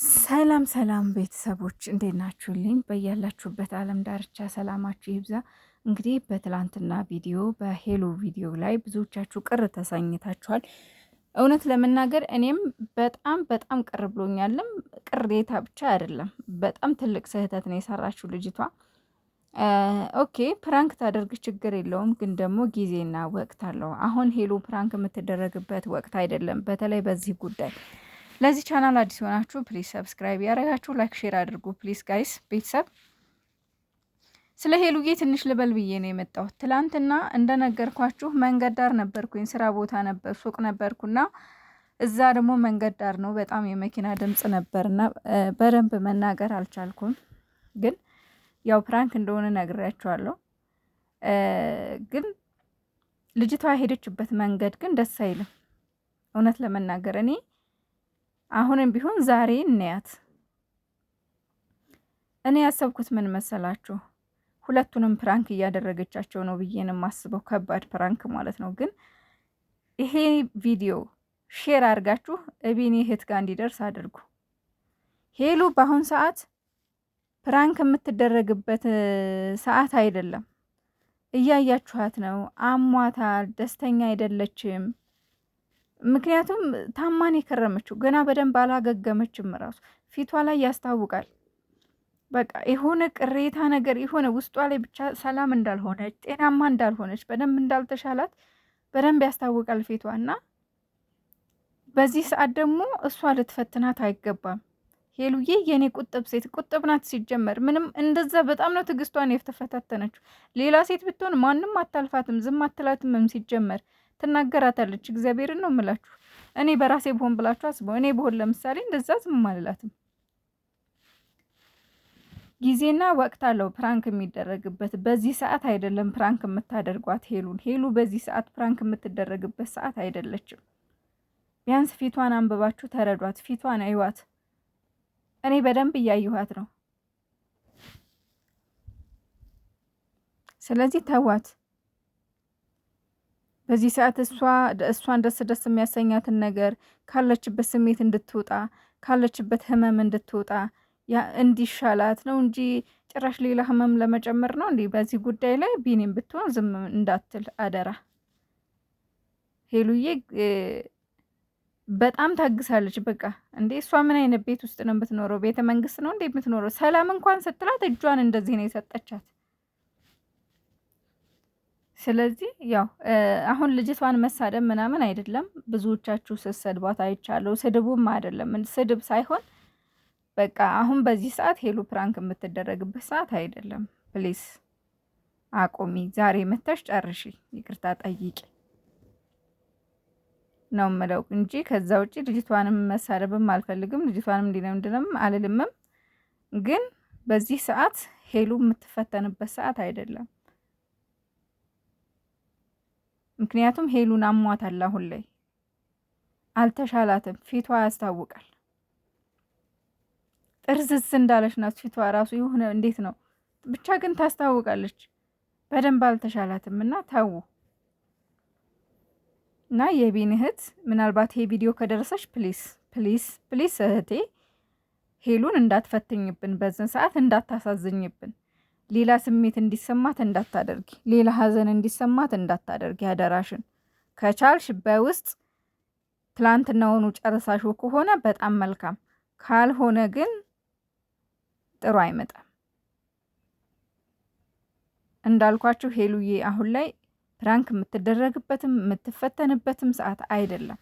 ሰላም ሰላም ቤተሰቦች እንዴት ናችሁልኝ? በያላችሁበት ዓለም ዳርቻ ሰላማችሁ ይብዛ። እንግዲህ በትላንትና ቪዲዮ በሄሎ ቪዲዮ ላይ ብዙዎቻችሁ ቅር ተሰኝታችኋል። እውነት ለመናገር እኔም በጣም በጣም ቅር ብሎኛልም። ቅሬታ ብቻ አይደለም፣ በጣም ትልቅ ስህተት ነው የሰራችው ልጅቷ። ኦኬ ፕራንክ ታደርግ ችግር የለውም፣ ግን ደግሞ ጊዜና ወቅት አለው። አሁን ሄሎ ፕራንክ የምትደረግበት ወቅት አይደለም፣ በተለይ በዚህ ጉዳይ ለዚህ ቻናል አዲስ የሆናችሁ ፕሊዝ ሰብስክራይብ ያደረጋችሁ ላይክ ሼር አድርጉ። ፕሊዝ ጋይስ ቤተሰብ ስለ ሄሉዬ ትንሽ ልበል ብዬ ነው የመጣሁት። ትላንትና እንደነገርኳችሁ መንገድ ዳር ነበርኩኝ፣ ስራ ቦታ ነበር፣ ሱቅ ነበርኩና እዛ ደግሞ መንገድ ዳር ነው በጣም የመኪና ድምጽ ነበርና በደንብ መናገር አልቻልኩም። ግን ያው ፕራንክ እንደሆነ ነግሬያችኋለሁ። ግን ልጅቷ ሄደችበት መንገድ ግን ደስ አይልም እውነት ለመናገር እኔ አሁንም ቢሆን ዛሬ እንያት። እኔ ያሰብኩት ምን መሰላችሁ? ሁለቱንም ፕራንክ እያደረገቻቸው ነው ብዬን የማስበው ከባድ ፕራንክ ማለት ነው። ግን ይሄ ቪዲዮ ሼር አድርጋችሁ እቢኒ እህት ጋር እንዲደርስ አድርጉ። ሄሉ በአሁን ሰዓት ፕራንክ የምትደረግበት ሰዓት አይደለም። እያያችኋት ነው። አሟታል። ደስተኛ አይደለችም። ምክንያቱም ታማን የከረመችው ገና በደንብ አላገገመችም። ራሱ ፊቷ ላይ ያስታውቃል። በቃ የሆነ ቅሬታ ነገር የሆነ ውስጧ ላይ ብቻ ሰላም እንዳልሆነች፣ ጤናማ እንዳልሆነች፣ በደንብ እንዳልተሻላት በደንብ ያስታውቃል ፊቷ እና በዚህ ሰዓት ደግሞ እሷ ልትፈትናት አይገባም። ሄሉዬ የኔ ቁጥብ ሴት ቁጥብ ናት። ሲጀመር ምንም እንደዛ በጣም ነው ትዕግስቷን የተፈታተነችው። ሌላ ሴት ብትሆን ማንም አታልፋትም፣ ዝም አትላትምም ሲጀመር ትናገራታለች። እግዚአብሔርን ነው ምላችሁ። እኔ በራሴ ብሆን ብላችሁ አስበው። እኔ ብሆን ለምሳሌ እንደዛ ዝም አልላትም። ጊዜና ወቅት አለው ፕራንክ የሚደረግበት። በዚህ ሰዓት አይደለም ፕራንክ የምታደርጓት ሄሉን። ሄሉ በዚህ ሰዓት ፕራንክ የምትደረግበት ሰዓት አይደለችም። ቢያንስ ፊቷን አንብባችሁ ተረዷት። ፊቷን አይዋት። እኔ በደንብ እያየኋት ነው። ስለዚህ ተዋት። በዚህ ሰዓት እሷ እሷን ደስ ደስ የሚያሰኛትን ነገር ካለችበት ስሜት እንድትወጣ ካለችበት ህመም እንድትወጣ እንዲሻላት ነው እንጂ ጭራሽ ሌላ ህመም ለመጨመር ነው እንዲህ። በዚህ ጉዳይ ላይ ቢኒም ብትሆን ዝም እንዳትል አደራ። ሄሉዬ በጣም ታግሳለች። በቃ እንዴ እሷ ምን አይነት ቤት ውስጥ ነው የምትኖረው? ቤተ መንግስት ነው እንዴ የምትኖረው? ሰላም እንኳን ስትላት እጇን እንደዚህ ነው የሰጠቻት። ስለዚህ ያው አሁን ልጅቷን መሳደብ ምናምን አይደለም። ብዙዎቻችሁ ስትሰድቧት አይቻለሁ። ስድቡም አይደለም ስድብ ሳይሆን በቃ አሁን በዚህ ሰዓት ሄሉ ፕራንክ የምትደረግበት ሰዓት አይደለም። ፕሊስ አቁሚ። ዛሬ መተሽ ጨርሺ፣ ይቅርታ ጠይቂ ነው ምለው እንጂ ከዛ ውጭ ልጅቷንም መሳደብም አልፈልግም። ልጅቷንም እንዲለምድንም አልልምም። ግን በዚህ ሰዓት ሄሉ የምትፈተንበት ሰዓት አይደለም። ምክንያቱም ሄሉን አሟታል። አሁን ላይ አልተሻላትም፣ ፊቷ ያስታውቃል። ጥርዝዝ እንዳለች ናት ፊቷ ራሱ የሆነ እንዴት ነው ብቻ ግን ታስታውቃለች። በደንብ አልተሻላትም እና ታው እና የቢን እህት ምናልባት ይሄ ቪዲዮ ከደረሰች ፕሊስ ፕሊስ ፕሊስ እህቴ ሄሉን እንዳትፈትኝብን፣ በዝን ሰዓት እንዳታሳዝኝብን። ሌላ ስሜት እንዲሰማት እንዳታደርጊ፣ ሌላ ሀዘን እንዲሰማት እንዳታደርጊ አደራሽን። ከቻልሽ በውስጥ ትላንትናውኑ ጨርሳሽ ከሆነ በጣም መልካም፣ ካልሆነ ግን ጥሩ አይመጣም። እንዳልኳችሁ ሄሉዬ አሁን ላይ ፕራንክ የምትደረግበትም የምትፈተንበትም ሰዓት አይደለም።